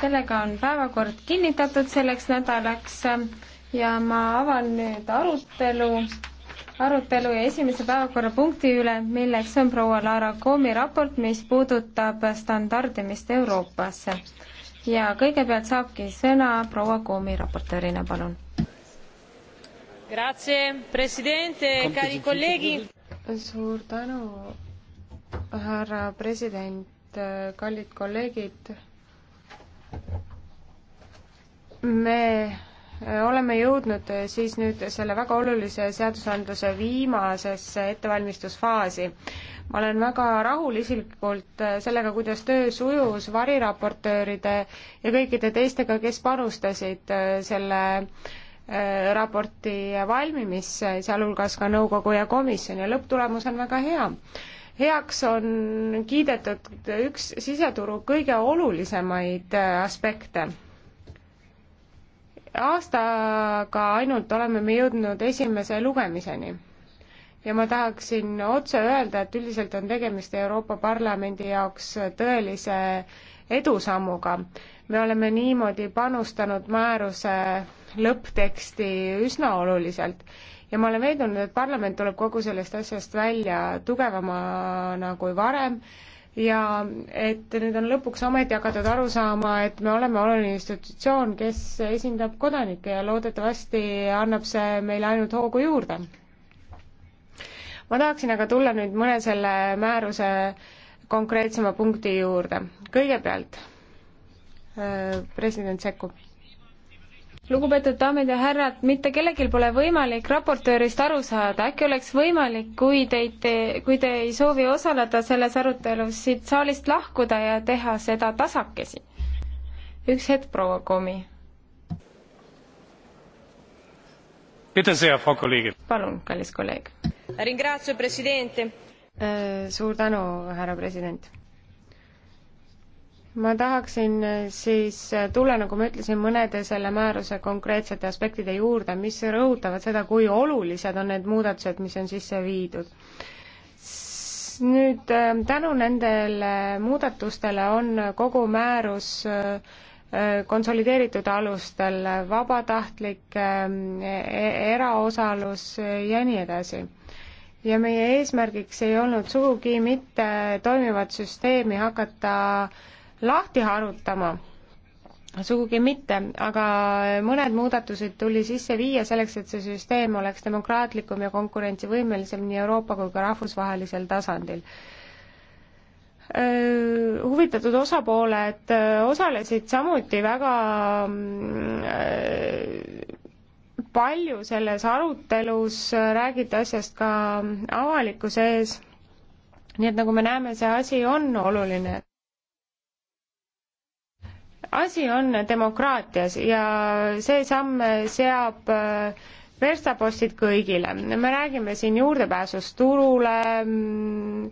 sellega on päevakord kinnitatud selleks nädalaks ja ma avan nüüd arutelu, arutelu ja esimese päevakorrapunkti üle, milleks on proua Laara Koomi raport, mis puudutab standardimist Euroopas. ja kõigepealt saabki sõna proua Koomi raportöörina, palun. suur tänu, härra president, kallid kolleegid me oleme jõudnud siis nüüd selle väga olulise seadusandluse viimasesse ettevalmistusfaasi. ma olen väga rahul isiklikult sellega, kuidas töö sujus variraportööride ja kõikide teistega, kes panustasid selle äh, raporti valmimisse, sealhulgas ka nõukogu ja komisjon ja lõpptulemus on väga hea heaks on kiidetud üks siseturu kõige olulisemaid äh, aspekte. aastaga ainult oleme me jõudnud esimese lugemiseni ja ma tahaksin otse öelda, et üldiselt on tegemist Euroopa Parlamendi jaoks tõelise edusammuga. me oleme niimoodi panustanud määruse lõppteksti üsna oluliselt ja ma olen veendunud, et parlament tuleb kogu sellest asjast välja tugevamana kui varem ja et nüüd on lõpuks ometi hakatud aru saama, et me oleme oluline institutsioon, kes esindab kodanikke ja loodetavasti annab see meile ainult hoogu juurde. ma tahaksin aga tulla nüüd mõne selle määruse konkreetsema punkti juurde. kõigepealt äh, president sekkub lugupeetud daamid ja härrad, mitte kellelgi pole võimalik raportöörist aru saada, äkki oleks võimalik, kui teid te,, kui te ei soovi osaleda selles arutelus, siit saalist lahkuda ja teha seda tasakesi. üks hetk, proua Komi. palun, kallis kolleeg. Äh, suur tänu, härra president ma tahaksin eh, siis eh, tulla, nagu ma ütlesin, mõnede selle määruse konkreetsete aspektide juurde, mis rõhutavad seda, kui olulised on need muudatused, mis on sisse viidud. nüüd eh, tänu nendele muudatustele on kogu määrus konsolideeritud alustel vabatahtlik e-, eraosalus ja nii edasi ja meie eesmärgiks ei olnud sugugi mitte toimivat süsteemi hakata äh, lahti harutama sugugi mitte, aga mõned muudatused tuli sisse viia selleks, et see süsteem oleks demokraatlikum ja konkurentsivõimelisem nii Euroopa kui ka rahvusvahelisel tasandil. Huvitatud osapooled osalesid samuti väga palju selles arutelus, räägiti asjast ka avalikkuse ees, nii et nagu me näeme, see asi on oluline asi on demokraatias ja see samm seab äh, verstapostid kõigile. me räägime siin juurdepääsust turule, mm,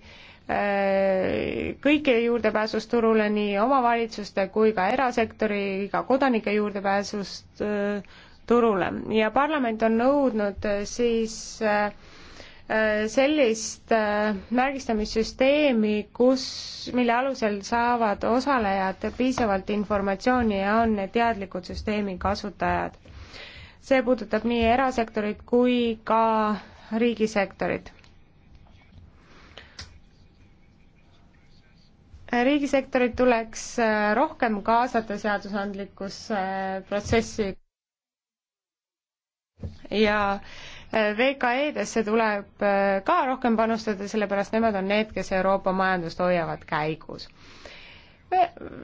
äh, kõikide juurdepääsust turule, nii omavalitsuste kui ka erasektori, ka kodanike juurdepääsust äh, turule ja parlament on nõudnud siis äh, Äh, sellist äh, märgistamissüsteemi, kus, mille alusel saavad osalejad piisavalt informatsiooni ja on teadlikud süsteemi kasutajad. see puudutab nii erasektorit kui ka riigisektorit. riigisektorit tuleks äh, rohkem kaasata seadusandlikusse protsessi ja äh, VKE-desse tuleb äh, ka rohkem panustada, sellepärast nemad on need, kes Euroopa majandust hoiavad käigus.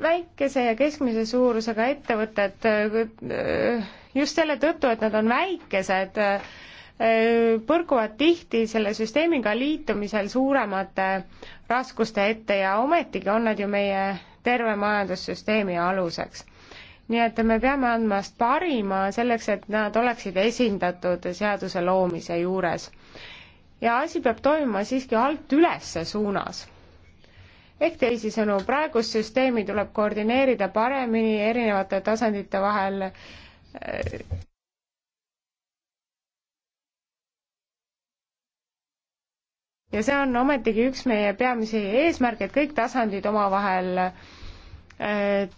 väikese ja keskmise suurusega ettevõtted äh, just selle tõttu, et nad on väikesed, äh, põrkuvad tihti selle süsteemiga liitumisel suuremate raskuste ette ja ometigi on nad ju meie terve majandussüsteemi aluseks nii et me peame andma parima selleks, et nad oleksid esindatud seaduse loomise juures. ja asi peab toimuma siiski alt ülesse suunas. ehk teisisõnu, praegust süsteemi tuleb koordineerida paremini erinevate tasandite vahel ja see on ometigi üks meie peamisi eesmärke, et kõik tasandid omavahel äh,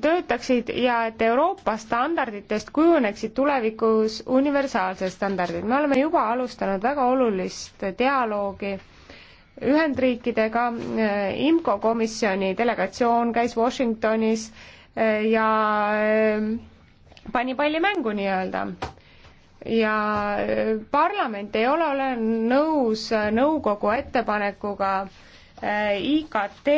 töötaksid ja et Euroopa standarditest kujuneksid tulevikus universaalsed standardid. me oleme juba alustanud väga olulist dialoogi Ühendriikidega, IMCO komisjoni delegatsioon käis Washingtonis eh, ja eh, pani palli mängu nii-öelda ja eh, parlament ei ole, ole nõus nõukogu ettepanekuga äh, Äh, IKT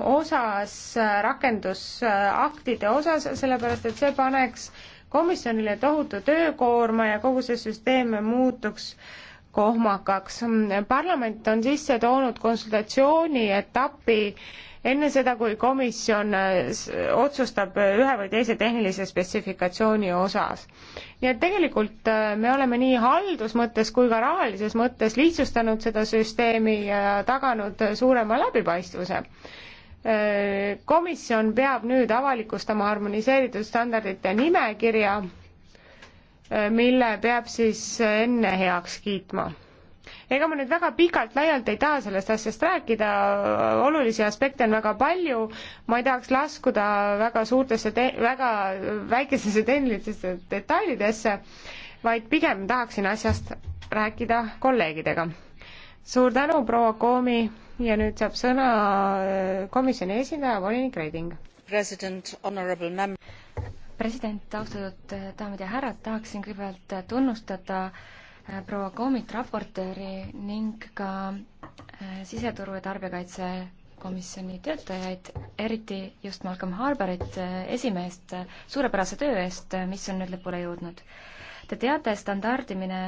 osas, äh, rakendusaktide osas, sellepärast et see paneks komisjonile tohutu töökoorma ja kogu see süsteem muutuks kohmakaks. Mm, parlament on sisse toonud konsultatsiooni etappi et enne seda, kui komisjon äh, otsustab äh, ühe või teise tehnilise spetsifikatsiooni osas. nii et tegelikult äh, me oleme nii haldusmõttes kui ka rahalises mõttes lihtsustanud seda süsteemi ja taganud suurema läbipaistvuse komisjon peab nüüd avalikustama harmoniseeritud standardite nimekirja, mille peab siis enne heaks kiitma ega ma nüüd väga pikalt-laialt ei taha sellest asjast rääkida, olulisi aspekte on väga palju, ma ei tahaks laskuda väga suurtesse, väga väikesesse tehnilistesse detailidesse, vaid pigem tahaksin asjast rääkida kolleegidega. suur tänu, proua Koomi ja nüüd saab sõna äh, komisjoni esindaja, volinik Reding. president, honorable mem-. president, austatud äh, daamid ja härrad, tahaksin kõigepealt äh, tunnustada äh, Äh, proua Koomit raportööri ning ka äh, siseturu ja tarbijakaitse komisjoni töötajaid, eriti just Malcolm Harbourit, äh, esimeest, suurepärase töö eest, mis on nüüd lõpule jõudnud. Te teate, standardimine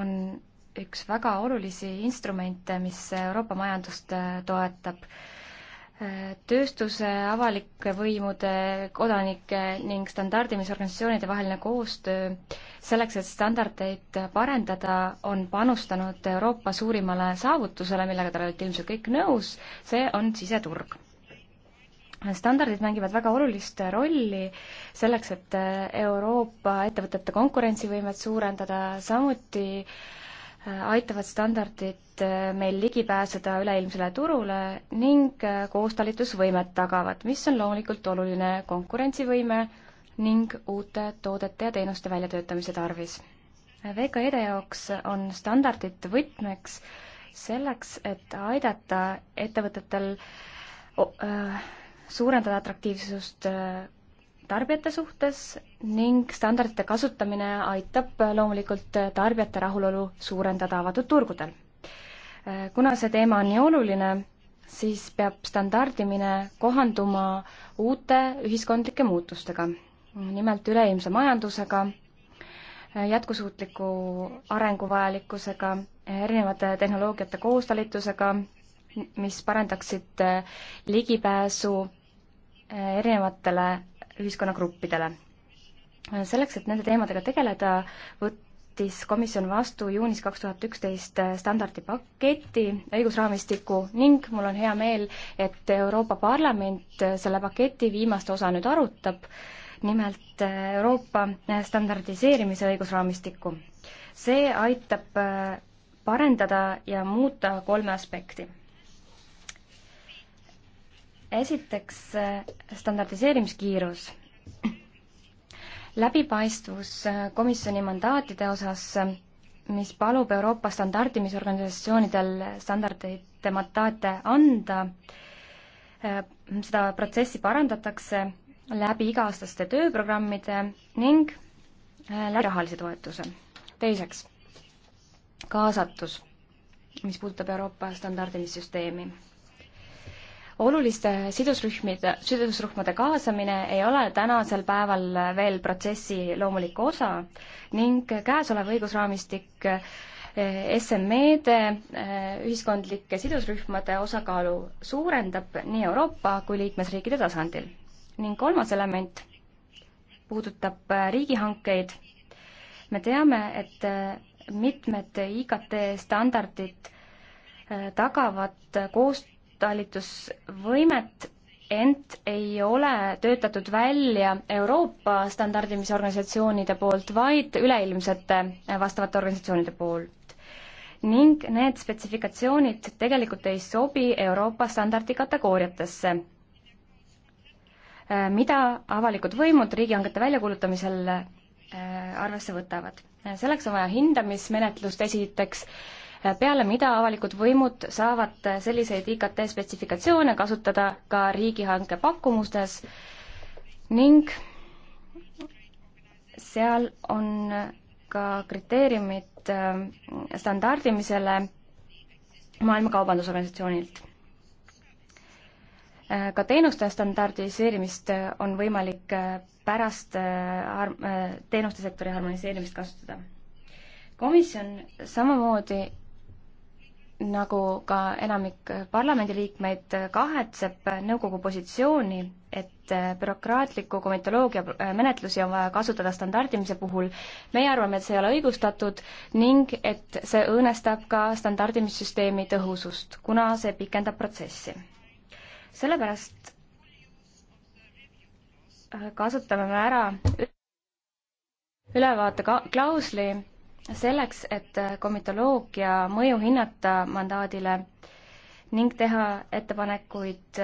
on üks väga olulisi instrumente, mis Euroopa majandust toetab tööstuse, avalike võimude, kodanike ning standardimisorganisatsioonide vaheline koostöö selleks, et standardeid parendada, on panustanud Euroopa suurimale saavutusele, millega te olete ilmselt kõik nõus, see on siseturg. standardid mängivad väga olulist rolli selleks, et Euroopa ettevõtete konkurentsivõimet suurendada, samuti äh, aitavad standardid äh, meil ligi pääseda üleilmsele turule ning äh, koostalitusvõimet tagavad, mis on loomulikult oluline konkurentsivõime ning uute toodete ja teenuste väljatöötamise tarvis. VKE-de jaoks on standardid võtmeks selleks, et aidata ettevõtetel äh, suurendada atraktiivsust tarbijate suhtes ning standardite kasutamine aitab loomulikult tarbijate rahulolu suurendada avatud turgudel. kuna see teema on nii oluline, siis peab standardimine kohanduma uute ühiskondlike muutustega, nimelt üleilmse majandusega, jätkusuutliku arengu vajalikkusega, erinevate tehnoloogiate koostalitusega, mis parendaksid ligipääsu erinevatele ühiskonnagruppidele. selleks, et nende teemadega tegeleda, võttis komisjon vastu juunis kaks tuhat üksteist standardipaketi õigusraamistiku ning mul on hea meel, et Euroopa Parlament selle paketi viimast osa nüüd arutab, nimelt Euroopa standardiseerimise õigusraamistikku. see aitab parendada ja muuta kolme aspekti esiteks standardiseerimiskiirus läbipaistvus komisjoni mandaatide osas, mis palub Euroopa standardimisorganisatsioonidel standardeid mandaate anda, seda protsessi parandatakse läbi iga-aastaste tööprogrammide ning läbi rahalise toetuse. teiseks, kaasatus, mis puudutab Euroopa standardimissüsteemi oluliste sidusrühmide, sidusrühmade kaasamine ei ole tänasel päeval veel protsessi loomulik osa ning käesolev õigusraamistik eh, SME-de eh, ühiskondlike sidusrühmade osakaalu suurendab nii Euroopa kui liikmesriikide tasandil. ning kolmas element puudutab eh, riigihankeid. me teame, et mitmed IKT standardid tagavad koos, talitusvõimet, ent ei ole töötatud välja Euroopa standardimisorganisatsioonide poolt, vaid üleilmsete vastavate organisatsioonide poolt. ning need spetsifikatsioonid tegelikult ei sobi Euroopa standardi kategooriatesse, äh, mida avalikud võimud riigihangete väljakuulutamisel äh, arvesse võtavad. Äh, selleks on vaja hindamismenetlust esiteks peale mida avalikud võimud saavad selliseid IKT spetsifikatsioone kasutada ka riigihanke pakkumustes ning seal on ka kriteeriumid äh, standardimisele Maailma Kaubandusorganisatsioonilt. Äh, ka teenuste standardiseerimist on võimalik äh, pärast teenuste sektori harmoniseerimist kasutada. komisjon samamoodi nagu ka enamik parlamendiliikmeid kahetseb nõukogu positsiooni, et bürokraatliku komitoloogia menetlusi on vaja kasutada standardimise puhul. meie arvame, et see ei ole õigustatud ning et see õõnestab ka standardimissüsteemi tõhusust, kuna see pikendab protsessi. sellepärast kasutame me ära ülevaate klausli selleks, et komitoloogia mõju hinnata mandaadile ning teha ettepanekuid,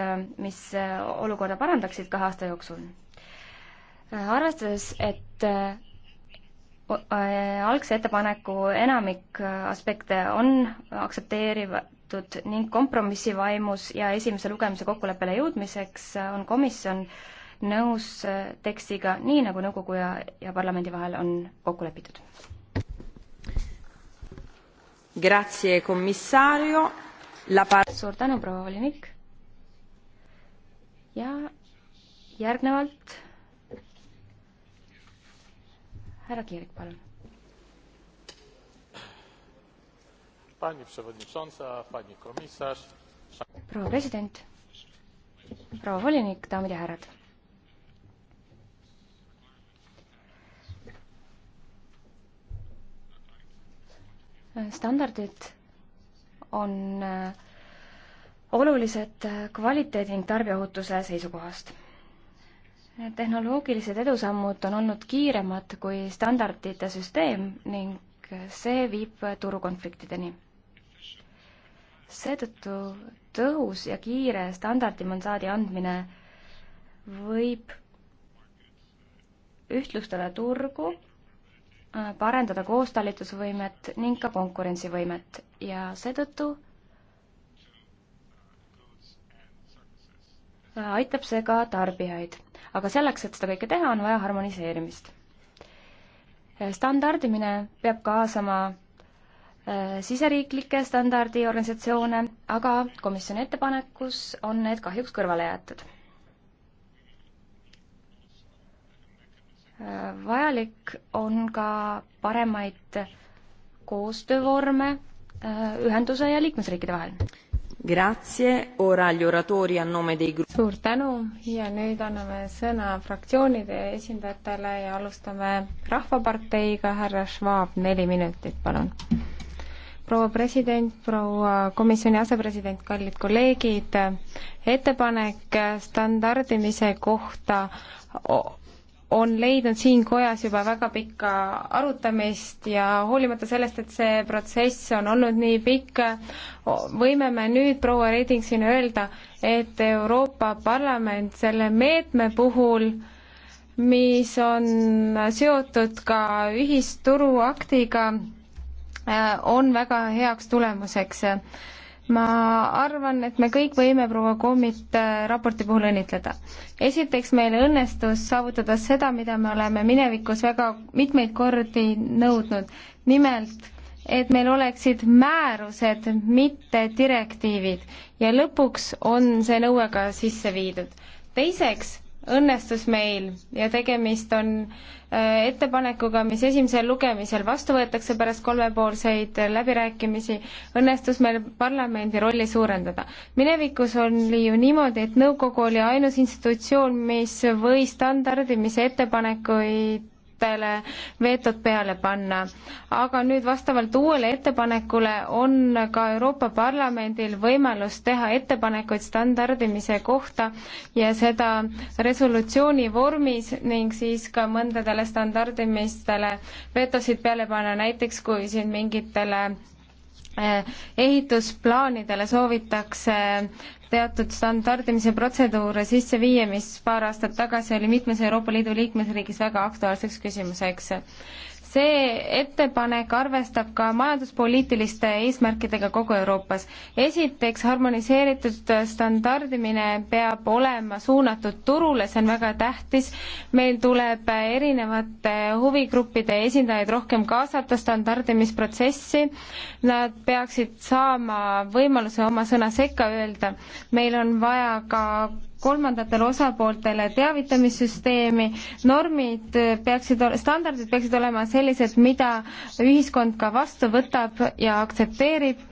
mis olukorda parandaksid kahe aasta jooksul. arvestades, et äh, algse ettepaneku enamik aspekte on aktsepteeritud ning kompromissi vaimus ja esimese lugemise kokkuleppele jõudmiseks on komisjon nõus tekstiga, nii nagu nõukogu ja, ja parlamendi vahel on kokku lepitud. Grazie, komissario. suur tänu, proua volinik. ja järgnevalt härra Kirik, palun. proua president, proua volinik, daamid ja härrad standardid on äh, olulised äh, kvaliteedi ning tarbijaohutuse seisukohast. tehnoloogilised edusammud on olnud kiiremad kui standardite süsteem ning see viib turukonfliktideni. seetõttu tõhus ja kiire standardimandaadi andmine võib ühtlustada turgu parendada koostalitusvõimet ning ka konkurentsivõimet ja seetõttu aitab see ka tarbijaid. aga selleks, et seda kõike teha, on vaja harmoniseerimist. standardimine peab kaasama äh, siseriiklikke standardiorganisatsioone, aga komisjoni ettepanekus on need kahjuks kõrvale jäetud vajalik on ka paremaid koostöövorme äh, ühenduse ja liikmesriikide vahel. Grazie, ora gli oratori a nome dei gruppi. suur tänu ja nüüd anname sõna fraktsioonide esindajatele ja alustame Rahvaparteiga, härra Schwab, neli minutit, palun. proua president, proua komisjoni asepresident, kallid kolleegid, ettepanek standardimise kohta on leidnud siin kojas juba väga pikka arutamist ja hoolimata sellest, et see protsess on olnud nii pikk, võime me nüüd, proua Reding, siin öelda, et Euroopa Parlament selle meetme puhul mis on seotud ka ühisturuaktiga, on väga heaks tulemuseks ma arvan, et me kõik võime proua Koomit äh, raporti puhul õnnitleda. esiteks, meil õnnestus saavutada seda, mida me oleme minevikus väga mitmeid kordi nõudnud, nimelt et meil oleksid määrused, mitte direktiivid ja lõpuks on see nõue ka sisse viidud. teiseks, õnnestus meil ja tegemist on äh, ettepanekuga, mis esimesel lugemisel vastu võetakse pärast kolmepoolseid äh, läbirääkimisi, õnnestus meil parlamendi rolli suurendada. minevikus oli ju niimoodi, et nõukogu oli ainus institutsioon, mis võis standardimise ettepanekuid lepingutele veetod peale panna. aga nüüd vastavalt uuele ettepanekule on ka Euroopa Parlamendil võimalus teha ettepanekuid standardimise kohta ja seda resolutsiooni vormis ning siis ka mõndadele standardimistele vetosid peale panna, näiteks kui siin mingitele Eh, ehitusplaanidele soovitakse teatud standardimise protseduure sisse viia, mis paar aastat tagasi oli mitmes Euroopa Liidu liikmesriigis väga aktuaalseks küsimuseks see ettepanek arvestab ka majanduspoliitiliste eesmärkidega kogu Euroopas. esiteks, harmoniseeritud standardimine peab olema suunatud turule, see on väga tähtis, meil tuleb erinevate huvigruppide esindajaid rohkem kaasata standardimisprotsessi, nad peaksid saama võimaluse oma sõna sekka öelda, meil on vaja ka kolmandatele osapooltele teavitamissüsteemi, normid peaksid, standardid peaksid olema sellised, mida ühiskond ka vastu võtab ja aktsepteerib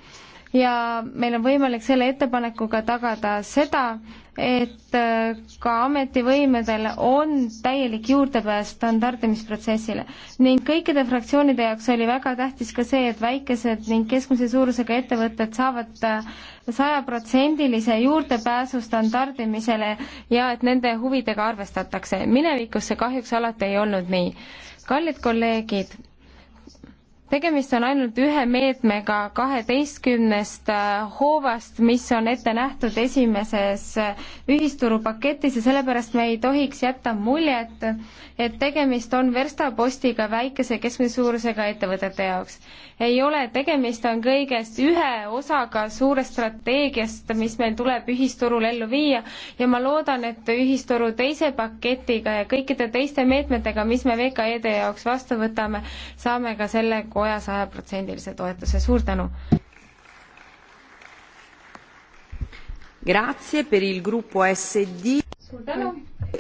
ja meil on võimalik selle ettepanekuga tagada seda, et äh, ka ametivõimedel on täielik juurdepääs standardimisprotsessile. ning kõikide fraktsioonide jaoks oli väga tähtis ka see, et väikesed ning keskmise suurusega ettevõtted saavad äh, sajaprotsendilise juurdepääsu standardimisele ja et nende huvidega arvestatakse. minevikus see kahjuks alati ei olnud nii. kallid kolleegid tegemist on ainult ühe meetmega kaheteistkümnest äh, hoovast, mis on ette nähtud esimeses äh, ühisturupaketis ja sellepärast me ei tohiks jätta muljet, et tegemist on verstapostiga väikese keskmise suurusega ettevõtete jaoks. ei ole, tegemist on kõigest ühe osaga suurest strateegiast, mis meil tuleb ühisturul ellu viia ja ma loodan, et ühisturu teise paketiga ja kõikide teiste meetmetega, mis me VKE-de jaoks vastu võtame, saame ka selle kohe koja sajaprotsendilise toetuse, suur tänu! Grazie per il gruppo SD. suur tänu!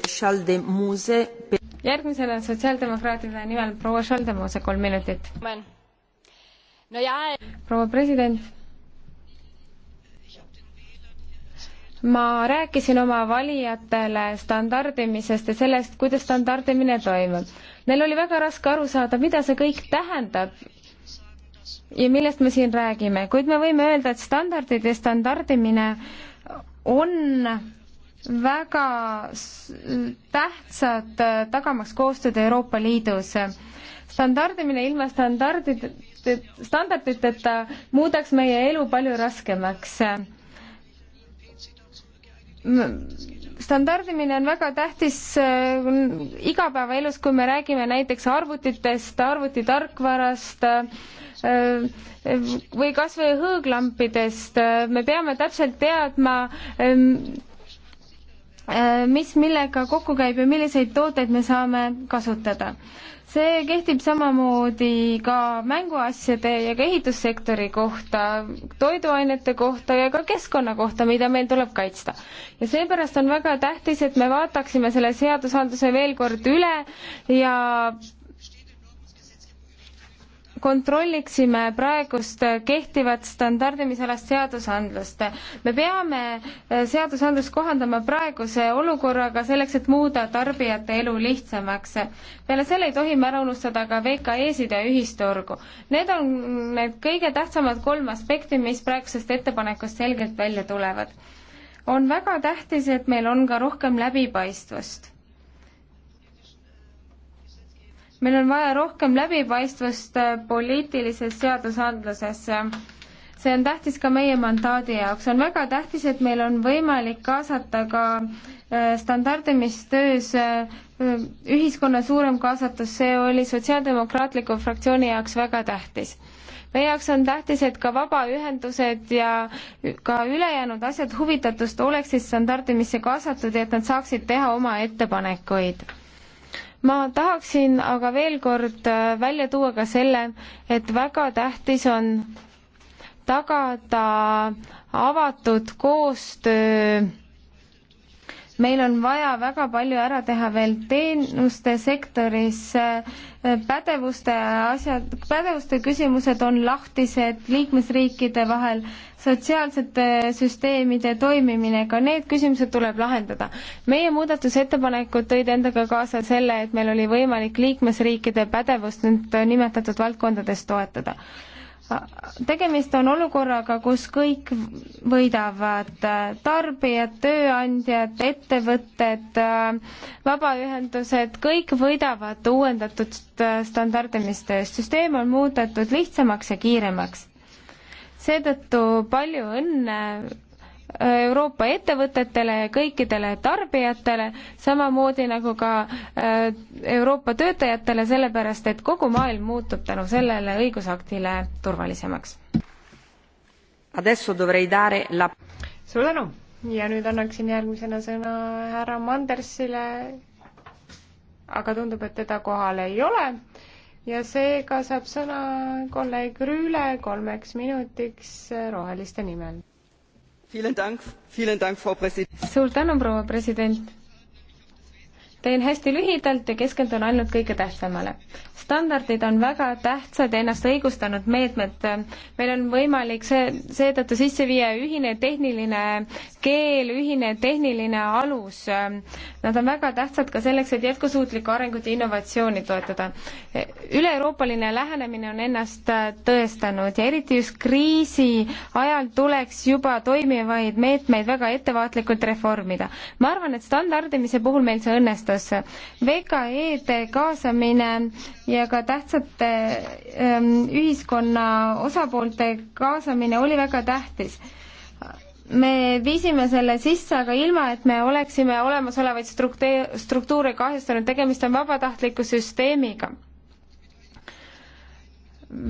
Schaldemuse per järgmisena sotsiaaldemokraatide nimel proua Schaldemuse, kolm minutit. No, ja... Eh. proua president, ma rääkisin oma valijatele standardimisest ja sellest, kuidas standardimine toimub. Neil oli väga raske aru saada, mida see kõik tähendab ja millest me siin räägime, kuid me võime öelda, et standardid ja standardimine on väga tähtsad äh, tagamaks koostööd Euroopa Liidus. standardimine ilma standardid, standarditeta muudaks meie elu palju raskemaks. standardimine on väga tähtis äh, igapäevaelus, kui me räägime näiteks arvutitest, arvutitarkvarast äh,, või kas või hõõglampidest, me peame täpselt teadma, mis millega kokku käib ja milliseid tooteid me saame kasutada. see kehtib samamoodi ka mänguasjade ja ka ehitussektori kohta, toiduainete kohta ja ka keskkonna kohta, mida meil tuleb kaitsta. ja seepärast on väga tähtis, et me vaataksime selle seadusandluse veel kord üle ja kontrolliksime praegust kehtivat standardimisalast seadusandlust. me peame eh, seadusandlust kohandama praeguse olukorraga selleks, et muuda tarbijate elu lihtsamaks. peale selle ei tohi me ära unustada ka VKE-sid ja ühisturgu. Need on need kõige tähtsamad kolm aspekti, mis praegusest ettepanekust selgelt välja tulevad. on väga tähtis, et meil on ka rohkem läbipaistvust meil on vaja rohkem läbipaistvust äh, poliitilises seadusandluses. see on tähtis ka meie mandaadi jaoks, on väga tähtis, et meil on võimalik kaasata ka äh, standardimistöös äh, ühiskonna suurem kaasatus, see oli Sotsiaaldemokraatliku fraktsiooni jaoks väga tähtis meie jaoks on tähtis, et ka vabaühendused ja ka ülejäänud asjad huvitatust oleksid standardimisse kaasatud ja et nad saaksid teha oma ettepanekuid ma tahaksin aga veel kord äh, välja tuua ka selle, et väga tähtis on tagada avatud koostöö meil on vaja väga palju ära teha veel teenuste sektoris, pädevuste asjad, pädevuste küsimused on lahtised liikmesriikide vahel, sotsiaalsete süsteemide toimimine, ka need küsimused tuleb lahendada. meie muudatusettepanekud tõid endaga kaasa selle, et meil oli võimalik liikmesriikide pädevust nüüd nimetatud valdkondades toetada tegemist on olukorraga, kus kõik võidavad, äh, tarbijad, tööandjad, ettevõtted, äh, vabaühendused, kõik võidavad uuendatud standardimistööst. süsteem on muudetud lihtsamaks ja kiiremaks. seetõttu palju õnne Euroopa ettevõtetele ja kõikidele tarbijatele, samamoodi nagu ka äh, Euroopa töötajatele, sellepärast et kogu maailm muutub tänu sellele õigusaktile turvalisemaks. La... suur tänu ja nüüd annaksin järgmisena sõna härra Mandersile, aga tundub, et teda kohal ei ole ja seega saab sõna kolleeg Rüüle kolmeks minutiks roheliste nimel suur tänu, proua president teen hästi lühidalt ja keskendun ainult kõige tähtsamale. standardid on väga tähtsad ja ennast õigustanud meetmed. meil on võimalik see, seetõttu sisse viia ühine tehniline keel, ühine tehniline alus. Nad on väga tähtsad ka selleks, et jätkusuutlikku arengut ja innovatsiooni toetada. üle-euroopaline lähenemine on ennast tõestanud ja eriti just kriisi ajal tuleks juba toimivaid meetmeid väga ettevaatlikult reformida. ma arvan, et standardimise puhul meil see õnnestus tähtsus. VKE-de kaasamine ja ka tähtsate ähm, ühiskonna osapoolte kaasamine oli väga tähtis me viisime selle sisse, aga ilma, et me oleksime olemasolevaid struktuure kahjustanud, tegemist on vabatahtliku süsteemiga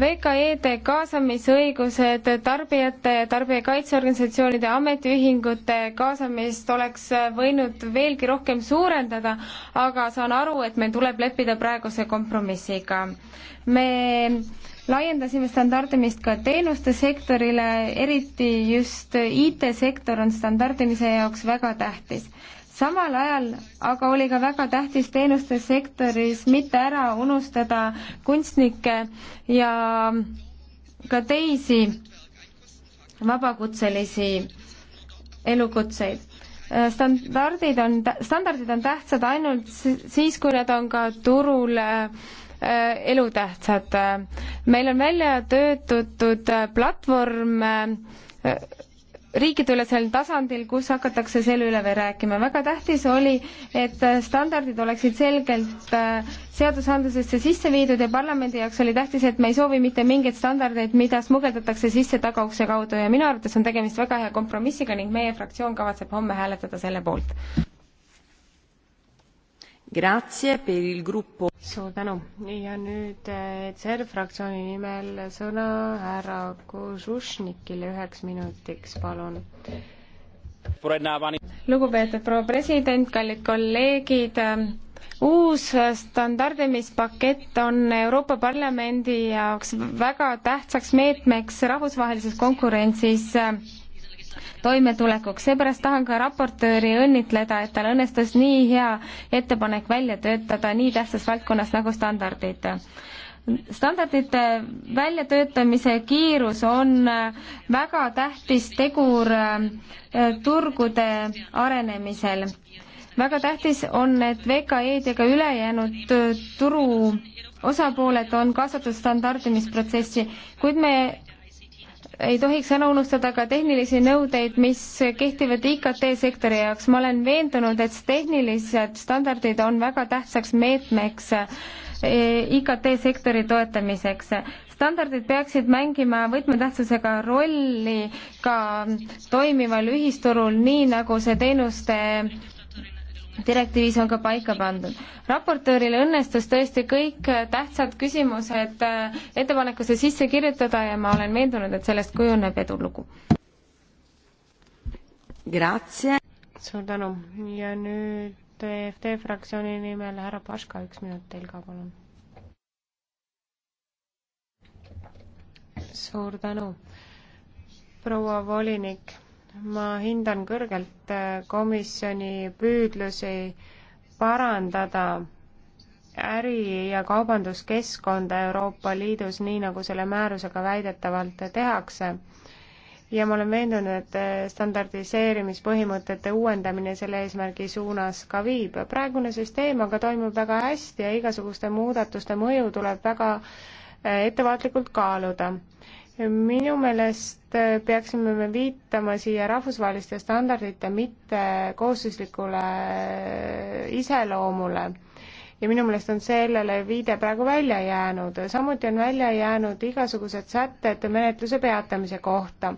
VKE-de kaasamisõigused tarbijate ja tarbijakaitseorganisatsioonide ametiühingute kaasamist oleks võinud veelgi rohkem suurendada, aga saan aru, et meil tuleb leppida praeguse kompromissiga. me laiendasime standardimist ka teenuste sektorile, eriti just IT-sektor on standardimise jaoks väga tähtis samal ajal aga oli ka väga tähtis teenuste sektoris mitte ära unustada kunstnikke ja ka teisi vabakutselisi elukutseid. standardid on, standardid on tähtsad ainult siis, kui nad on ka turul äh, elutähtsad. meil on välja töötatud äh, platvorm äh, riikideülesel tasandil, kus hakatakse selle üle veel rääkima. väga tähtis oli, et standardid oleksid selgelt äh, seadusandlusesse sisse viidud ja parlamendi jaoks oli tähtis, et me ei soovi mitte mingeid standardeid, mida smugeldatakse sisse tagaukse kaudu ja minu arvates on tegemist väga hea kompromissiga ning meie fraktsioon kavatseb homme hääletada selle poolt. Gruppo... suur tänu ja nüüd ECR eh, fraktsiooni nimel sõna härra Kožušnikile üheks minutiks, palun. lugupeetud proua president, kallid kolleegid, eh, uus standardimispakett on Euroopa Parlamendi jaoks väga tähtsaks meetmeks rahvusvahelises konkurentsis toimetulekuks. seepärast tahan ka raportööri õnnitleda, et tal õnnestus nii hea ettepanek välja töötada nii tähtsas valdkonnas nagu standardid standardite väljatöötamise kiirus on väga tähtis tegur äh, turgude arenemisel. väga tähtis on, et VKE-d ja ka ülejäänud äh, turu osapooled on kaasatud standardimisprotsessi, kuid me ei tohiks ära unustada ka tehnilisi nõudeid, mis kehtivad IKT sektori jaoks. ma olen veendunud, et tehnilised standardid on väga tähtsaks meetmeks e, IKT sektori toetamiseks. standardid peaksid mängima võtmetähtsusega rolli ka toimival ühisturul, nii nagu see teenuste direktiivis on ka paika pandud. raportööril õnnestus tõesti kõik tähtsad küsimused äh, ettepanekusse sisse kirjutada ja ma olen veendunud, et sellest kujuneb edulugu. suur tänu ja nüüd EFT fraktsiooni nimel härra Paška, üks minut teil ka, palun. suur tänu, proua volinik ma hindan kõrgelt äh, komisjoni püüdlusi parandada äri- ja kaubanduskeskkonda Euroopa Liidus, nii nagu selle määrusega väidetavalt tehakse. ja ma olen veendunud, et äh, standardiseerimispõhimõtete uuendamine selle eesmärgi suunas ka viib. praegune süsteem aga toimub väga hästi ja igasuguste muudatuste mõju tuleb väga äh, ettevaatlikult kaaluda minu meelest peaksime me viitama siia rahvusvaheliste standardite mitte kohustuslikule iseloomule ja minu meelest on sellele viide praegu välja jäänud. samuti on välja jäänud igasugused sätted menetluse peatamise kohta.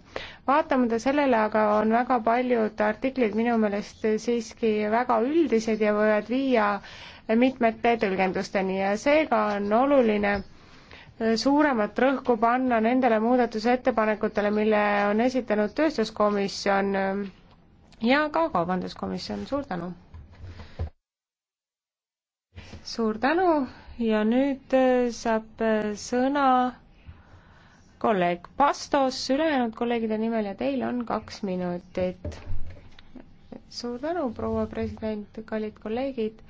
vaatamata sellele aga on väga paljud artiklid minu meelest siiski väga üldised ja võivad viia mitmete tõlgendusteni ja seega on oluline suuremat rõhku panna nendele muudatusettepanekutele, mille on esitanud Tööstuskomisjon ja ka Kaubanduskomisjon, suur tänu! suur tänu ja nüüd äh, saab äh, sõna kolleeg Pastos, ülejäänud kolleegide nimel ja teil on kaks minutit. suur tänu, proua president, kallid kolleegid,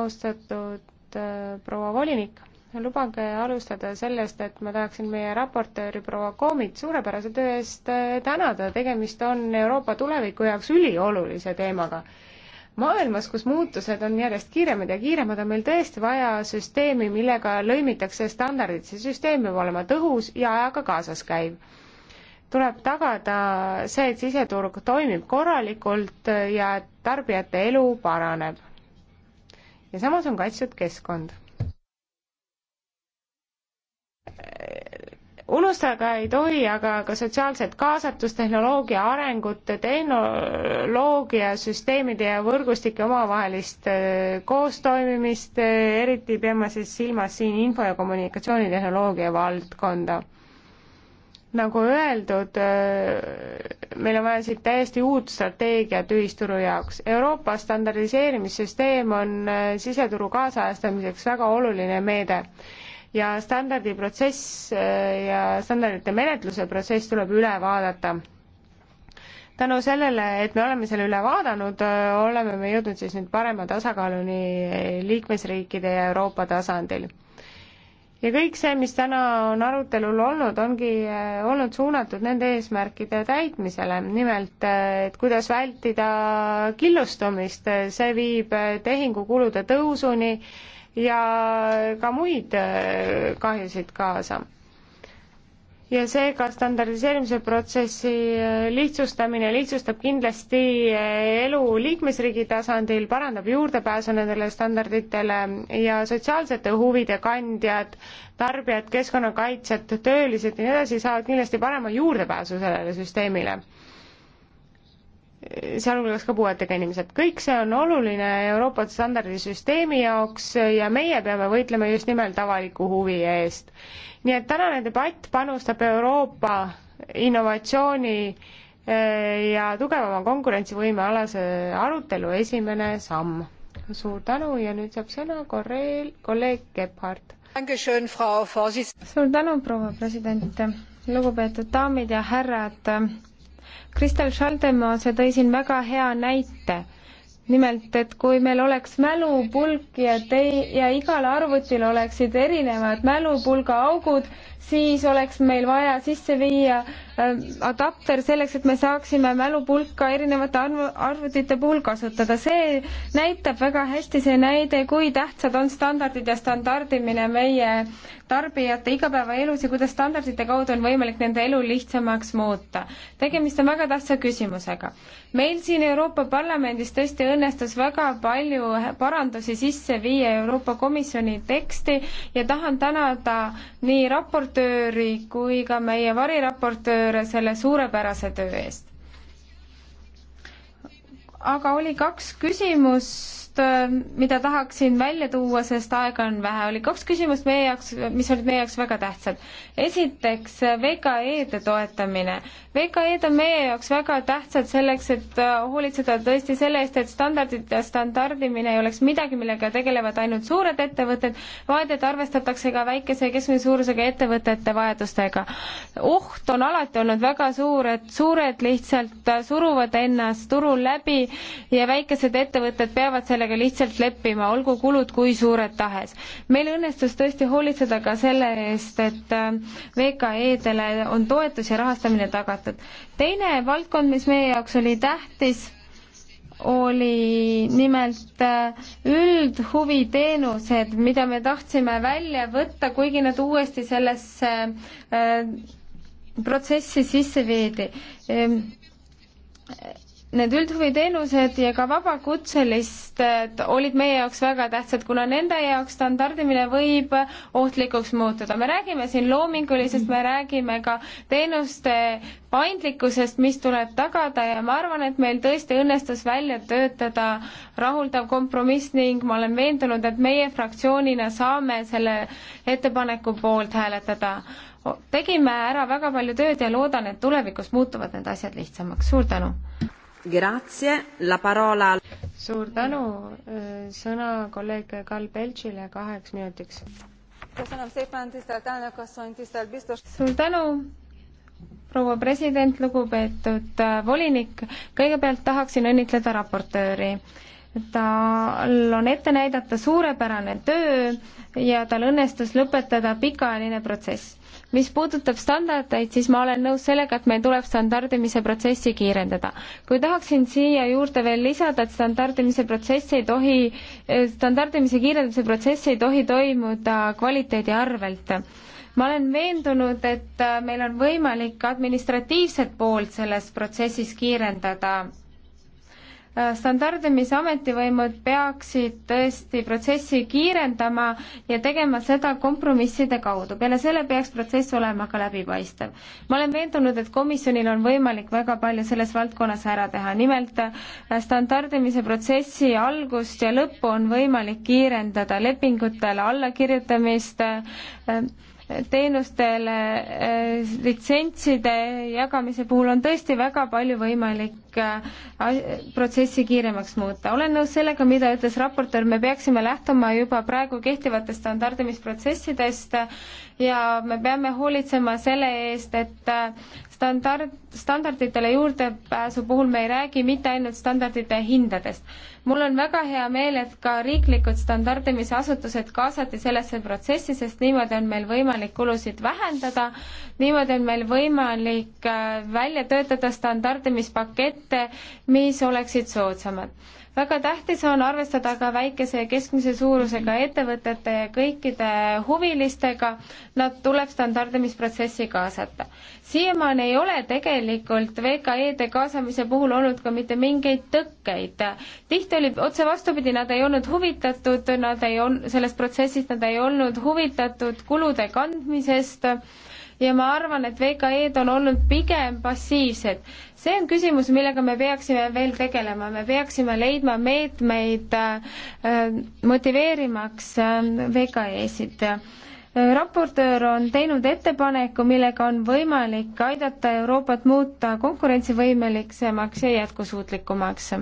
austatud äh, proua volinik lubage alustada sellest, et ma tahaksin meie raportööri proua Koomit suurepärase töö eest eh, tänada, tegemist on Euroopa tuleviku jaoks üliolulise teemaga. maailmas, kus muutused on järjest kiiremad ja kiiremad, on meil tõesti vaja süsteemi, millega lõimitakse standardid, see süsteem peab olema tõhus ja ajaga kaasas käiv tuleb tagada see, et siseturg toimib korralikult ja et tarbijate elu paraneb. ja samas on kaitstud keskkond unustada ei tohi aga ka sotsiaalset kaasatust, tehnoloogia arengut, tehnoloogia, süsteemide ja võrgustike omavahelist äh, koostoimimist, äh, eriti peame siis silmas siin info- ja kommunikatsioonitehnoloogia valdkonda. nagu öeldud, äh, meil on vaja siit täiesti uut strateegiat ühisturu jaoks. Euroopa standardiseerimissüsteem on siseturu kaasajastamiseks väga oluline meede ja standardiprotsess äh, ja standardite menetluse protsess tuleb üle vaadata. tänu sellele, et me oleme selle üle vaadanud, äh, oleme me jõudnud siis nüüd parema tasakaaluni äh, liikmesriikide ja Euroopa tasandil ja kõik see, mis täna on arutelul olnud, ongi olnud suunatud nende eesmärkide täitmisele, nimelt et kuidas vältida killustumist, see viib tehingukulude tõusuni, ja ka muid äh, kahjusid kaasa. ja seega standardiseerimise protsessi äh, lihtsustamine lihtsustab kindlasti äh, elu liikmesriigi tasandil, parandab juurdepääsu nendele standarditele ja sotsiaalsete huvide kandjad, tarbijad, keskkonnakaitsjad, töölised ja nii edasi saavad kindlasti parema juurdepääsu sellele süsteemile sealhulgas ka puuetega inimesed. kõik see on oluline Euroopa standardisüsteemi jaoks ja meie peame võitlema just nimelt avaliku huvi eest. nii et tänane debatt panustab Euroopa innovatsiooni eh, ja tugevama konkurentsivõime alase arutelu esimene samm. suur tänu ja nüüd saab sõna korreel, kolleeg Gebhardt. suur tänu, proua president, lugupeetud daamid ja härrad Kristel Schaldemaa, see tõi siin väga hea näite. nimelt, et kui meil oleks mälupulk ja tei- ja igal arvutil oleksid erinevad mälupulga augud, siis oleks meil vaja sisse viia Äh, adapter selleks, et me saaksime mälupulka erinevate arv arvutite puhul kasutada. see näitab väga hästi, see näide, kui tähtsad on standardid ja standardimine meie tarbijate igapäevaelus ja kuidas standardite kaudu on võimalik nende elu lihtsamaks muuta. tegemist on väga tähtsa küsimusega. meil siin Euroopa Parlamendis tõesti õnnestus väga palju parandusi sisse viia Euroopa Komisjoni teksti ja tahan tänada nii raportööri kui ka meie variraportööri raportööre selle suurepärase töö eest. aga oli kaks küsimust küsimust, äh, mida tahaksin välja tuua, sest aega on vähe, oli kaks küsimust meie jaoks, mis olid meie jaoks väga tähtsad. esiteks äh, VKE-de toetamine. VKE-d on meie jaoks väga tähtsad selleks, et äh, hoolitseda tõesti selle eest, et standardid ja standardimine ei oleks midagi, millega tegelevad ainult suured ettevõtted, vaid et arvestatakse ka väikese ja keskmise suurusega ettevõtete vajadustega. oht on alati olnud väga suur, et suured lihtsalt suruvad ennast turul läbi ja väikesed ettevõtted peavad selle sellega lihtsalt leppima, olgu kulud kui suured tahes. meil õnnestus tõesti hoolitseda ka selle eest, et äh, VKE-dele on toetus ja rahastamine tagatud. teine valdkond, mis meie jaoks oli tähtis, oli nimelt äh, üldhuviteenused, mida me tahtsime välja võtta, kuigi nad uuesti sellesse äh, protsessi sisse viidi ehm, Need üldhuviteenused ja ka vabakutselised olid meie jaoks väga tähtsad, kuna nende jaoks standardimine võib ohtlikuks muutuda. me räägime siin loomingulisest, me räägime ka teenuste paindlikkusest, mis tuleb tagada ja ma arvan, et meil tõesti õnnestus välja töötada rahuldav kompromiss ning ma olen veendunud, et meie fraktsioonina saame selle ettepaneku poolt hääletada tegime ära väga palju tööd ja loodan, et tulevikus muutuvad need asjad lihtsamaks. suur tänu! Parola... suur tänu, äh, sõna kolleeg Karl Beltšile kaheks minutiks. suur tänu, proua president, lugupeetud äh, volinik, kõigepealt tahaksin õnnitleda raportööri tal on ette näidata suurepärane töö ja tal õnnestus lõpetada pikaajaline protsess mis puudutab standardeid, siis ma olen nõus sellega, et meil tuleb standardimise protsessi kiirendada. kui tahaksin siia juurde veel lisada, et standardimise protsess ei tohi, eh, standardimise kiirendamise protsess ei tohi toimuda kvaliteedi arvelt ma olen veendunud, et eh, meil on võimalik administratiivset poolt selles protsessis kiirendada Äh, standarde, mis ametivõimud peaksid tõesti protsessi kiirendama ja tegema seda kompromisside kaudu. peale selle peaks protsess olema ka läbipaistev. ma olen veendunud, et komisjonil on võimalik väga palju selles valdkonnas ära teha, nimelt äh, standardimise protsessi algust ja lõppu on võimalik kiirendada lepingutele allakirjutamist äh,, teenustele eh, litsentside jagamise puhul on tõesti väga palju võimalik eh, protsessi kiiremaks muuta. olen nõus sellega, mida ütles raportöör, me peaksime lähtuma juba praegu kehtivatest standardimisprotsessidest ja me peame hoolitsema selle eest, et äh, standard, standarditele juurdepääsu puhul me ei räägi mitte ainult standardite hindadest. mul on väga hea meel, et ka riiklikud standardimisasutused kaasati sellesse protsessi, sest niimoodi on meil võimalik kulusid vähendada, niimoodi on meil võimalik äh, välja töötada standardimispakette, mis oleksid soodsamad väga tähtis on arvestada ka väikese ja keskmise suurusega ettevõtete ja kõikide huvilistega, nad tuleb standardimisprotsessi kaasata. siiamaani ei ole tegelikult VKE-de kaasamise puhul olnud ka mitte mingeid tõkkeid. tihti oli otse vastupidi, nad ei olnud huvitatud, nad ei olnud, sellest protsessist nad ei olnud huvitatud kulude kandmisest, ja ma arvan, et VKE-d on olnud pigem passiivsed. see on küsimus, millega me peaksime veel tegelema, me peaksime leidma meetmeid äh, motiveerimaks äh, VKE-sid äh, raportöör on teinud ettepaneku, millega on võimalik aidata Euroopat muuta konkurentsivõimelisemaks ja jätkusuutlikumaks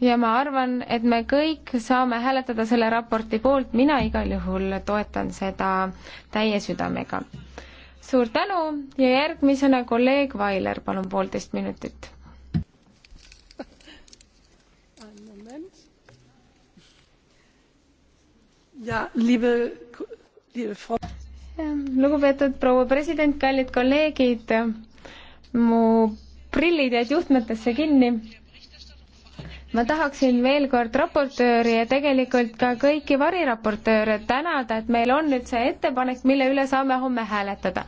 ja ma arvan, et me kõik saame hääletada selle raporti poolt, mina igal juhul toetan seda täie südamega. suur tänu ja järgmisena kolleeg Vailer, palun poolteist minutit. ja, liebe, liebe Frau lugupeetud proua president, kallid kolleegid, mu prillid jäid juhtmetesse kinni ma tahaksin veel kord raportööri ja tegelikult ka kõiki variraportööre tänada, et meil on nüüd see ettepanek, mille üle saame homme hääletada.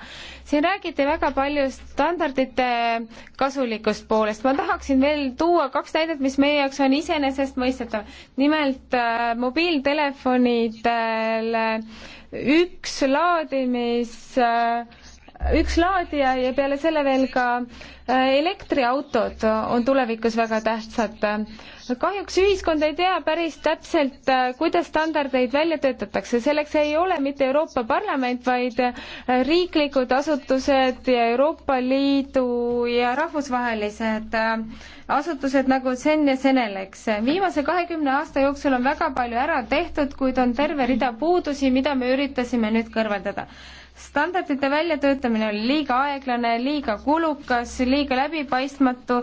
siin räägiti väga palju standardite kasulikust poolest, ma tahaksin veel tuua kaks näidet, mis meie jaoks on iseenesestmõistetav. nimelt äh, mobiiltelefonidel äh, üks laadimis äh, üks laadija ja peale selle veel ka äh, elektriautod on tulevikus väga tähtsad kahjuks ühiskond ei tea päris täpselt, äh, kuidas standardeid välja töötatakse, selleks ei ole mitte Euroopa Parlament, vaid äh, riiklikud asutused ja Euroopa Liidu ja rahvusvahelised äh, asutused nagu Sen ja Senelex. viimase kahekümne aasta jooksul on väga palju ära tehtud, kuid on terve rida puudusi, mida me üritasime nüüd kõrvaldada standardite väljatöötamine oli liiga aeglane, liiga kulukas, liiga läbipaistmatu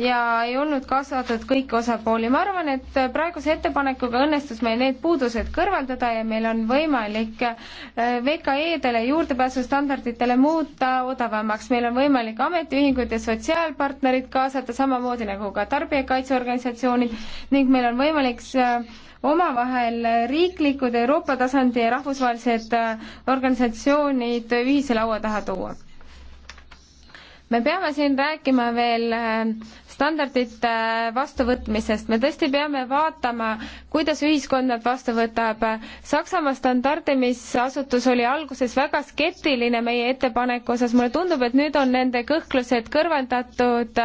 ja ei olnud kaasatud kõiki osapooli. ma arvan, et praeguse ettepanekuga õnnestus meil need puudused kõrvaldada ja meil on võimalik äh, VKE-dele juurdepääsustandarditele muuta odavamaks. meil on võimalik ametiühingud ja sotsiaalpartnerid kaasata, samamoodi nagu ka tarbijakaitseorganisatsioonid ning meil on võimalik äh, omavahel riiklikud, Euroopa tasandi ja rahvusvahelised äh, organisatsioonid ühise laua taha tuua me peame siin rääkima veel äh, standardite vastuvõtmisest, me tõesti peame vaatama, kuidas ühiskond nad vastu võtab. Saksamaa standardimisasutus oli alguses väga skeptiline meie ettepaneku osas, mulle tundub, et nüüd on nende kõhklused kõrvaldatud.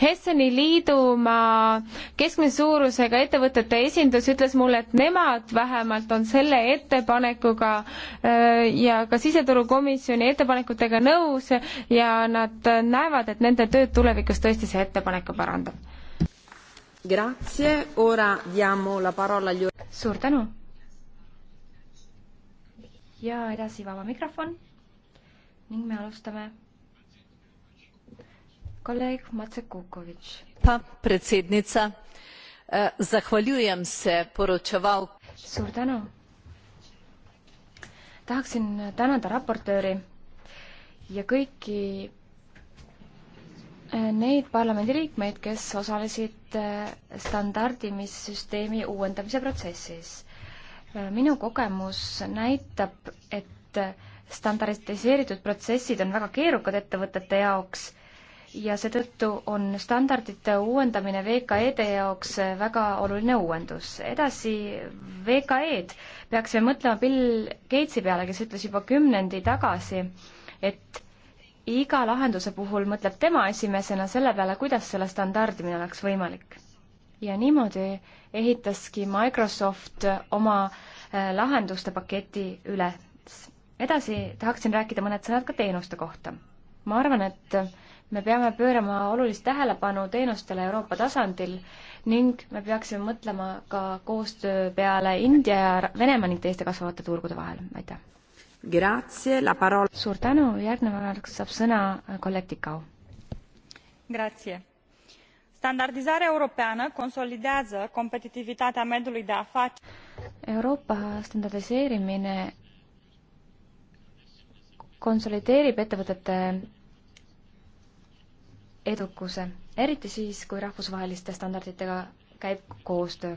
Hesseni liidumaa keskmise suurusega ettevõtete esindus ütles mulle, et nemad vähemalt on selle ettepanekuga äh, ja ka siseturukomisjoni ettepanekutega nõus ja nad näevad, et nende tööd tulevikus tõesti see ettepanek ka parandab. suur tänu. ja edasi vaba mikrofon ning me alustame. kolleeg Matse Kukovitš. predsednica, eh, zahvaljujem se poročeval. suur tänu. tahaksin tänada raportööri ja kõiki Äh, neid parlamendiliikmeid, kes osalesid äh, standardimissüsteemi uuendamise protsessis. Äh, minu kogemus näitab, et standardiseeritud protsessid on väga keerukad ettevõtete jaoks ja seetõttu on standardite uuendamine VKE-de jaoks väga oluline uuendus. edasi, VKE-d peaksime mõtlema Bill Gatesi peale, kes ütles juba kümnendi tagasi, et iga lahenduse puhul mõtleb tema esimesena selle peale, kuidas selle standardimine oleks võimalik. ja niimoodi ehitaski Microsoft oma äh, lahenduste paketi üles. edasi tahaksin rääkida mõned sõnad ka teenuste kohta. ma arvan, et me peame pöörama olulist tähelepanu teenustele Euroopa tasandil ning me peaksime mõtlema ka koostöö peale India ja Venemaa ning teiste kasvavate turgude vahel, aitäh! suur tänu, järgnevalt saab sõna äh, kolleeg Tikau. standardizarea europeană consolidează competitivitatea mediului de afaceri. Euroopa standardiseerimine konsolideerib ettevõtete edukuse, eriti siis, kui rahvusvaheliste standarditega käib koostöö.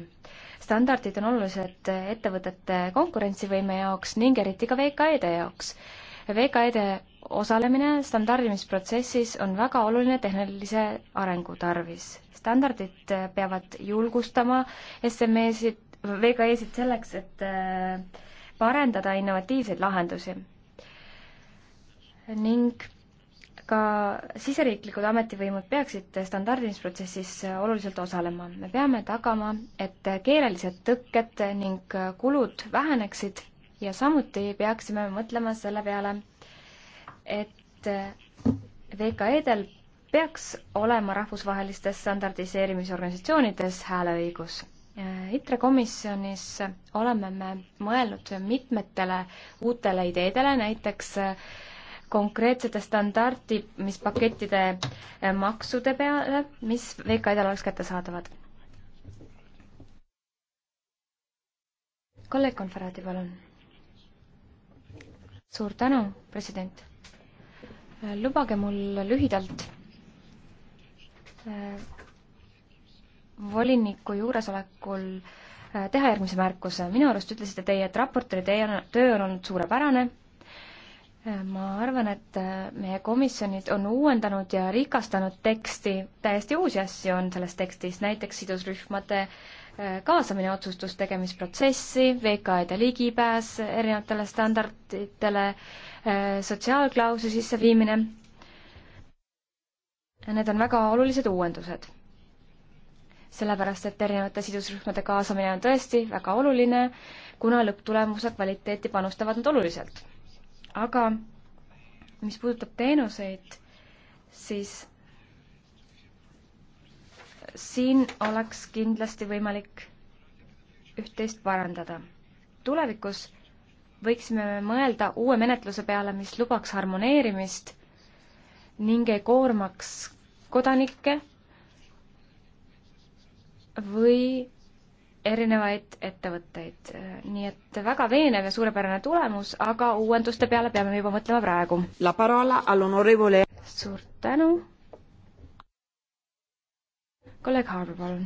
standardid on olulised ettevõtete konkurentsivõime jaoks ning eriti ka VKE-de jaoks. VKE-de osalemine standardimisprotsessis on väga oluline tehnilise arengu tarvis. standardid peavad julgustama SME-sid, VKE-sid selleks, et äh, parendada innovatiivseid lahendusi. ning ka siseriiklikud ametivõimud peaksid standardimisprotsessis oluliselt osalema. me peame tagama, et keelelised tõkked ning kulud väheneksid ja samuti peaksime mõtlema selle peale, et VKE-del peaks olema rahvusvahelistes standardiseerimisorganisatsioonides hääleõigus ITRE komisjonis oleme me mõelnud mitmetele uutele ideedele, näiteks konkreetsete standardimispakettide eh, maksude peale, mis VKI-del oleks kättesaadavad. kolleeg Konferaadi, palun. suur tänu, president. Eh, lubage mul lühidalt eh, voliniku juuresolekul teha järgmise märkuse. minu arust ütlesite teie, et raportööri töö on olnud suurepärane ma arvan, et äh, meie komisjonid on uuendanud ja rikastanud teksti, täiesti uusi asju on selles tekstis, näiteks sidusrühmade äh, kaasamine otsustustegemisprotsessi, VKE-de ligipääs erinevatele standarditele, äh, sotsiaalklausli sisseviimine. Need on väga olulised uuendused. sellepärast, et erinevate sidusrühmade kaasamine on tõesti väga oluline, kuna lõpptulemuse kvaliteeti panustavad nad oluliselt aga mis puudutab teenuseid, siis siin oleks kindlasti võimalik üht-teist parandada. tulevikus võiksime mõelda uue menetluse peale, mis lubaks harmoneerimist ning ei koormaks kodanikke või erinevaid ettevõtteid. nii et väga veenev ja suurepärane tulemus, aga uuenduste peale peame juba mõtlema praegu. suur tänu. kolleeg Haabra, palun.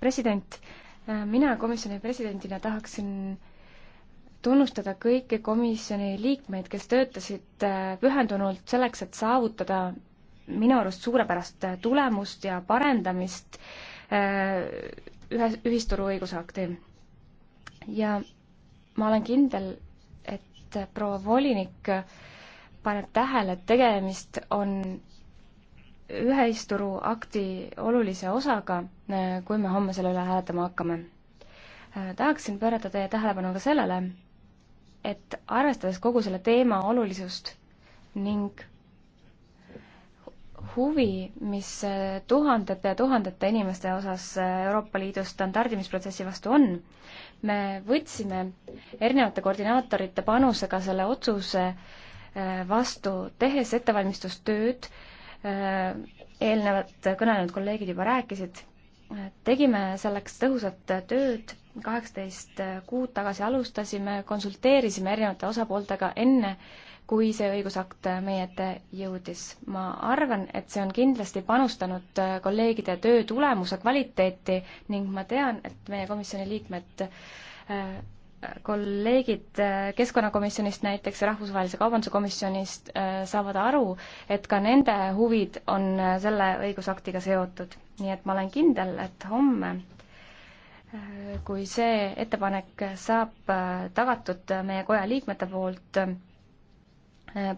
president, mina komisjoni presidendina tahaksin tunnustada kõiki komisjoni liikmeid, kes töötasid äh, pühendunult selleks, et saavutada minu arust suurepärast äh, tulemust ja parendamist äh, Äh, ühe, ühisturu õigusakti. ja ma olen kindel, et proua volinik paneb tähele, et tegemist on ühisturu akti olulise osaga, äh, kui me homme selle üle hääletama hakkame. Äh, tahaksin pöörata teie tähelepanu ka sellele, et arvestades kogu selle teema olulisust ning huvi, mis eh, tuhandete ja tuhandete inimeste osas eh, Euroopa Liidu standardimisprotsessi vastu on. me võtsime erinevate koordinaatorite panusega selle otsuse eh, vastu, tehes ettevalmistustööd, eelnevad kõnelenud kolleegid juba rääkisid, tegime selleks tõhusat tööd, kaheksateist kuud tagasi alustasime, konsulteerisime erinevate osapooltega enne, kui see õigusakt meie ette jõudis. ma arvan, et see on kindlasti panustanud äh, kolleegide töö tulemuse kvaliteeti ning ma tean, et meie komisjoni liikmed äh, kolleegid äh, Keskkonnakomisjonist näiteks ja Rahvusvahelise Kaubanduse Komisjonist saavad aru, et ka nende huvid on selle õigusaktiga seotud. nii et ma olen kindel, et homme, kui see ettepanek saab tagatud meie koja liikmete poolt,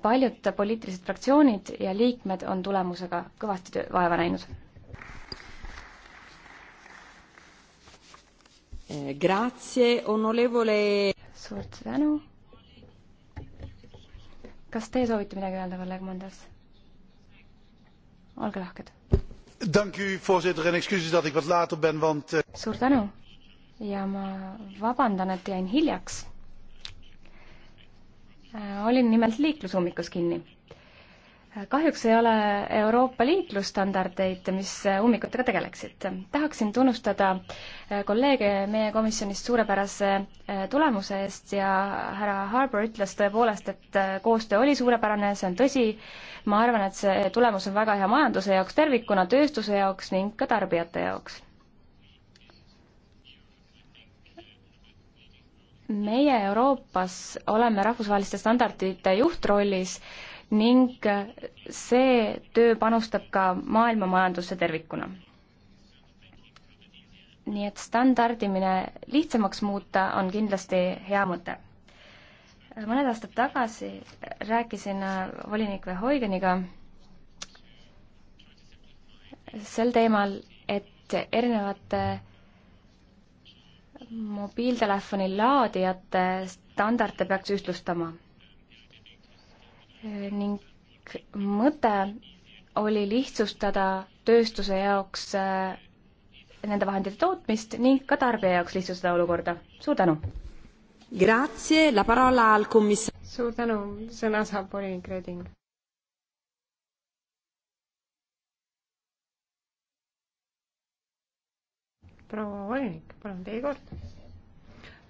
paljud poliitilised fraktsioonid ja liikmed on tulemusega kõvasti vaeva näinud. Grazie, onorevole. suur tänu. kas teie soovite midagi öelda, kolleeg Manders? olge lahked. voorzitter en excuses dat ik wat later ben, want. Eh, suur tänu ja ma vabandan, et jäin hiljaks olin nimelt liiklusummikus kinni. kahjuks ei ole Euroopa liiklusstandardeid, mis ummikutega tegeleksid. tahaksin tunnustada äh, kolleege meie komisjonist suurepärase äh, tulemuse eest ja härra Harbour ütles tõepoolest, et äh, koostöö oli suurepärane, see on tõsi, ma arvan, et see tulemus on väga hea majanduse jaoks tervikuna, tööstuse jaoks ning ka tarbijate jaoks meie Euroopas oleme rahvusvaheliste standardite juhtrollis ning see töö panustab ka maailmamajandusse tervikuna. nii et standardimine lihtsamaks muuta on kindlasti hea mõte. mõned aastad tagasi rääkisin volinik Verhoigeniga sel teemal, et erinevate mobiiltelefoni laadijate standarde peaks ühtlustama. ning mõte oli lihtsustada tööstuse jaoks äh, nende vahendite tootmist ning ka tarbija jaoks lihtsustada olukorda. suur tänu! suur tänu, sõna saab volinik Reding proua volinik, palun teie kord.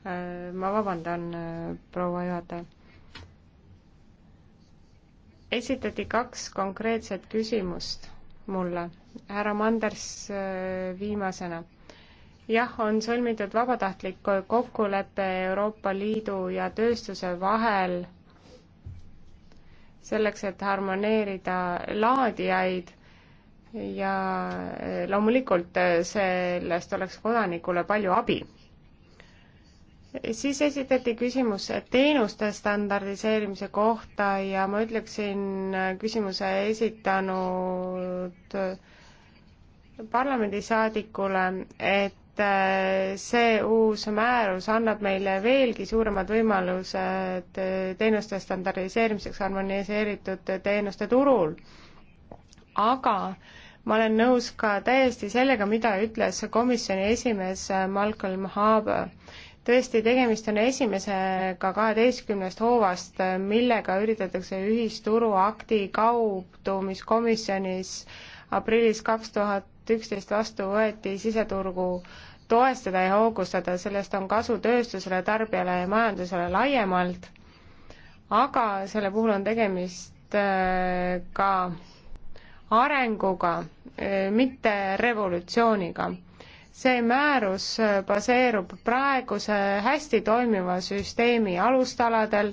Äh, ma vabandan, äh, proua juhataja. esitati kaks konkreetset küsimust mulle, härra Manders äh, viimasena. jah, on sõlmitud vabatahtlik kokkulepe Euroopa Liidu ja tööstuse vahel selleks, et harmoneerida laadijaid ja eh, loomulikult eh, sellest oleks kodanikule palju abi. siis esitati küsimus eh, teenuste standardiseerimise kohta ja ma ütleksin küsimuse esitanud parlamendisaadikule, et see uus määrus annab meile veelgi suuremad võimalused teenuste standardiseerimiseks harmoniseeritud teenuste turul, aga äh, ma olen nõus ka täiesti sellega, mida ütles komisjoni esimees äh, Malcolm Harbour. tõesti, tegemist on esimesega kaheteistkümnest hoovast, äh, millega üritatakse ühisturuakti kaubtumiskomisjonis aprillis kaks tuhat üksteist vastu võeti siseturgu toestada ja hoogustada, sellest on kasu tööstusele, tarbijale ja majandusele laiemalt, aga selle puhul on tegemist äh, ka arenguga, eh, mitte revolutsiooniga. see määrus eh, baseerub praeguse hästi toimiva süsteemi alustaladel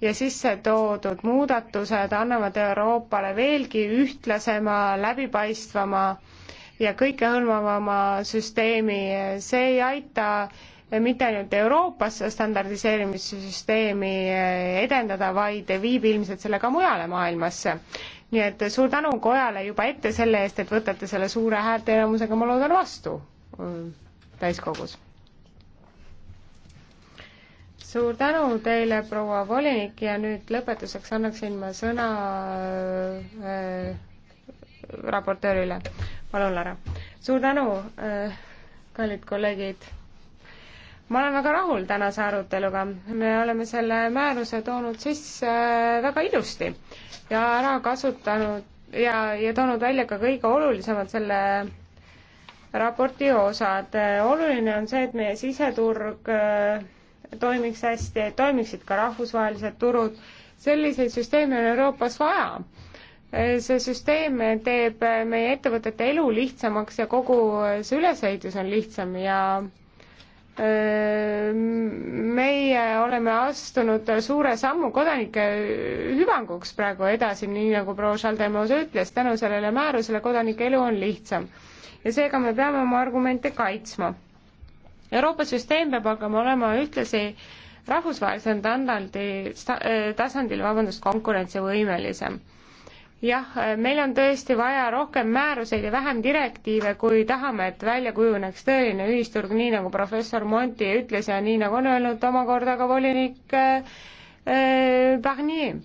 ja sisse toodud muudatused annavad Euroopale veelgi ühtlasema, läbipaistvama ja kõikehõlmavama süsteemi, see ei aita eh, mitte ainult Euroopas standardiseerimissüsteemi edendada, vaid viib ilmselt selle ka mujale maailmasse nii et suur tänu kojale juba ette selle eest, et võtate selle suure häälteenamusega, ma loodan, vastu mm, täiskogus. suur tänu teile, proua volinik, ja nüüd lõpetuseks annaksin ma sõna äh, äh raportöörile. palun, Lara. suur tänu äh,, kallid kolleegid ma olen väga rahul tänase aruteluga, me oleme selle määruse toonud sisse äh, väga ilusti ja ära kasutanud ja, ja toonud välja ka kõige olulisemad selle raporti osad. Äh, oluline on see, et meie siseturg äh, toimiks hästi, et toimiksid ka rahvusvahelised turud. selliseid süsteeme on Euroopas vaja see süsteem teeb meie ettevõtete elu lihtsamaks ja kogu see ülesehitus on lihtsam ja meie oleme astunud suure sammu kodanike hüvanguks praegu edasi, nii nagu proua Šaldemose ütles, tänu sellele määrusele kodanike elu on lihtsam. ja seega me peame oma argumente kaitsma. Euroopa süsteem peab hakkama olema ühtlasi rahvusvahelisel tasandil, tasandil, vabandust, konkurentsivõimelisem jah, meil on tõesti vaja rohkem määruseid ja vähem direktiive, kui tahame, et välja kujuneks tõeline ühisturg, nii nagu professor Monti ütles ja nii nagu on öelnud omakorda ka volinik äh, äh, Barnier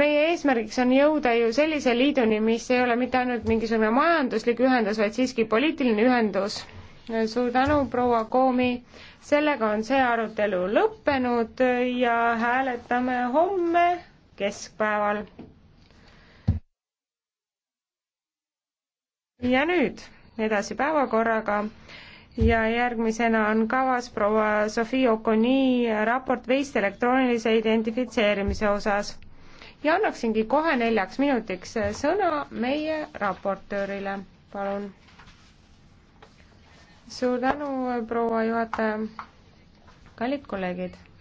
meie eesmärgiks on jõuda ju sellise liiduni, mis ei ole mitte ainult mingisugune majanduslik ühendus, vaid siiski poliitiline ühendus. suur tänu, proua Koomi. sellega on see arutelu lõppenud ja hääletame homme keskpäeval. ja nüüd edasi päevakorraga ja järgmisena on kavas proua Sofii Okoni raport veist elektroonilise identifitseerimise osas. ja annaksingi kohe neljaks minutiks sõna meie raportöörile, palun. suur tänu, proua juhataja. kallid kolleegid